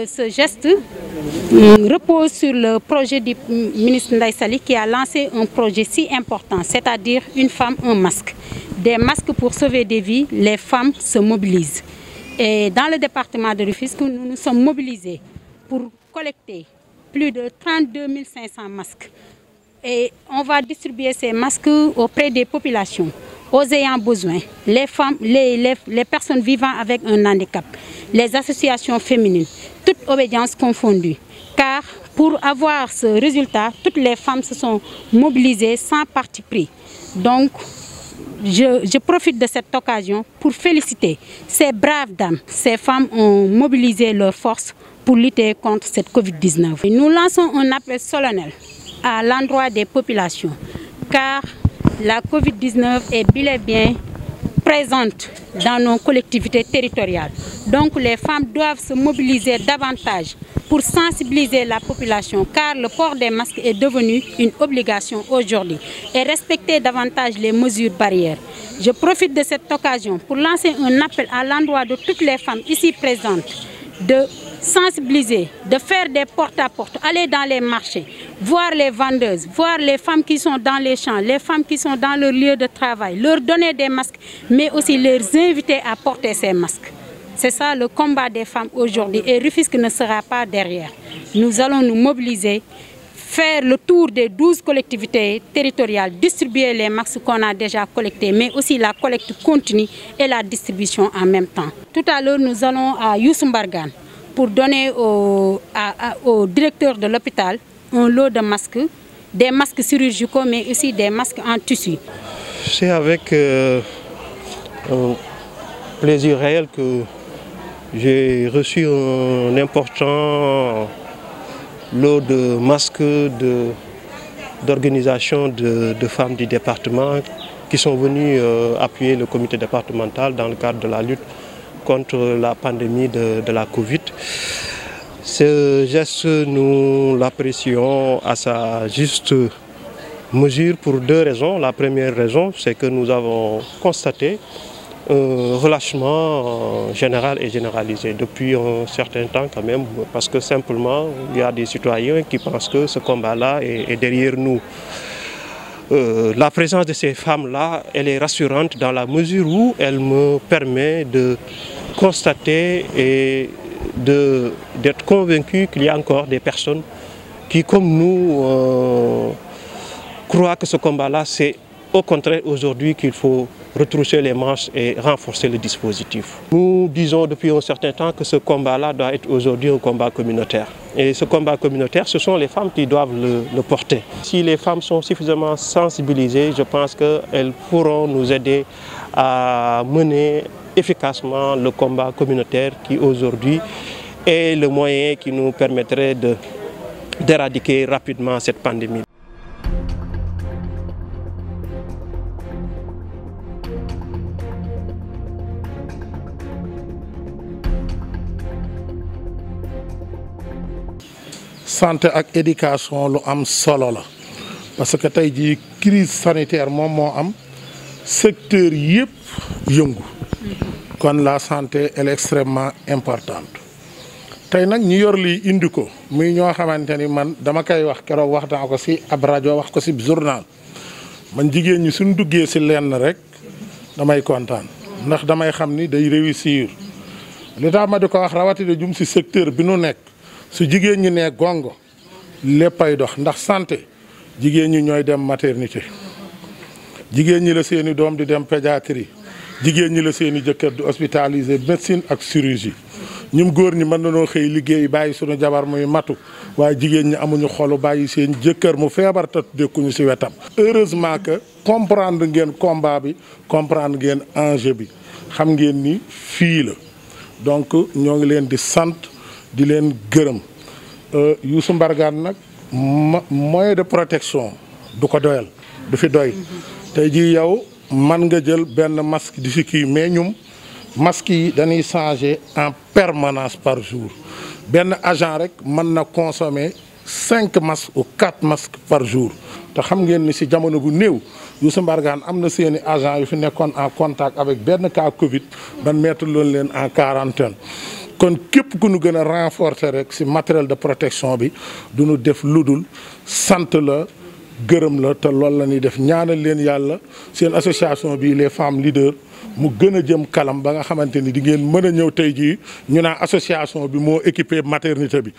Euh, ce geste euh, repose sur le projet du ministre Ndaï qui a lancé un projet si important, c'est-à-dire une femme, un masque. Des masques pour sauver des vies, les femmes se mobilisent. Et dans le département de Rufisque, nous nous sommes mobilisés pour collecter plus de 32 500 masques et on va distribuer ces masques auprès des populations, aux ayants besoin, les femmes, les, les, les personnes vivant avec un handicap, les associations féminines, toute obédience confondue. Car pour avoir ce résultat, toutes les femmes se sont mobilisées sans parti pris. Donc, je, je, profite de cette occasion pour féliciter ces braves dames. Ces femmes ont mobilisé leurs forces pour lutter contre cette Covid-19. Nous lançons un appel solennel à l'endroit des populations, car la COVID-19 est bel et bien présente dans nos collectivités territoriales. Donc les femmes doivent se mobiliser davantage pour sensibiliser la population car le port des masques est devenu une obligation aujourd'hui et respecter davantage les mesures barrières. Je profite de cette occasion pour lancer un appel à l'endroit de toutes les femmes ici présentes de sensibiliser, de faire des porte-à-porte, -porte, aller dans les marchés, voir les vendeuses, voir les femmes qui sont dans les champs, les femmes qui sont dans leur lieu de travail, leur donner des masques, mais aussi les inviter à porter ces masques. C'est ça le combat des femmes aujourd'hui et Rufisque ne sera pas derrière. Nous allons nous mobiliser, faire le tour des 12 collectivités territoriales, distribuer les masques qu'on a déjà collectés, mais aussi la collecte continue et la distribution en même temps. Tout à l'heure, nous allons à Youssoumbargan pour donner au directeur de l'hôpital un lot de masques, des masques chirurgicaux, mais aussi des masques en tissu. C'est avec euh, un plaisir réel que j'ai reçu un important lot de masques d'organisations de, de, femmes du département qui sont venues euh, appuyer le comité départemental dans le cadre de la lutte contre la pandémie de la Covid. Ce geste, nous l'apprécions à sa juste mesure pour deux raisons. La première raison, c'est que nous avons constaté un relâchement euh, général et généralisé depuis un certain temps quand même, parce que simplement, il y a des citoyens qui pensent que ce combat-là est, derrière nous. Euh, la présence de ces femmes-là, elle est rassurante dans la mesure où elle me permet de constater et d'être convaincu qu'il y a encore des personnes qui, comme nous, euh, croient que ce combat-là, c'est au contraire aujourd'hui qu'il faut retrousser les manches et renforcer le dispositif. Nous disons depuis un certain temps que ce combat-là doit être aujourd'hui un combat communautaire. Et ce combat communautaire, ce sont les femmes qui doivent le, le porter. Si les femmes sont suffisamment sensibilisées, je pense qu'elles pourront nous aider à mener efficacement le combat communautaire qui aujourd'hui est le moyen qui nous permettrait d'éradiquer rapidement cette pandémie. santé et éducation am solo parce que la crise sanitaire secteur moo am secteur yep kon la santé elle est extrêmement importante tey nag ñu yor lii indi ko muy ñoo xamante ni man dama koy wax keroog wax naa ko si ab rajo wax ko si journal man jigéen ñi suñ duggee si lenn rek damay kontaan ndax damay xam ni day réussir li tax ma di ko wax rawatina jum si secteur bi nu nekk su jigéen ñi nee gongo léppay dox ndax santé jigéen ñi ñooy dem maternité jigéen ñi la seeni doom di dem pédiatrie jigéen ñi la seeni i jëkkër di hospitalisé médecine ak chirurgie ñum góor ñi mën na nañoo xëy liggéey bàyyi suñu jabar muy matu waaye jigéen ñi amuñu xolu bàyyi seen jëkkër mu feebar te dëkkuñu ci wetam. heureusement que comprendre ngeen combat bi comprendre ngeen enjeu bi xam ngeen ni fii la donc ñoo ngi leen di sant di leen gërëm euh, Youssou Mbargane nag moyen de protection du ko doyal du fi doy mm-hmm. tey jii yow. man nga jël benn masque di si kii mais ñum masque yi dañuy changer en permanence par jour benn agent rek mën na consommer cinq masques ou quatre masques par jour te xam ngeen ni si jamono bu néew Youssou Mbargane am na seeni agent yu fi en contact avec ben cas Covid ben mettre leen en quarantaine kon képp ku ñu gën a renforcer rek si matériel de protection bi du ñu def ludul le la gërëm la te loolu la ñuy def ñaanal leen yàlla seen association bi les femmes leaders mu gën a jëm kalam ba nga xamante ni di ngeen mën a ñëw tey jii ñu naa association bi moo équipé maternité bi.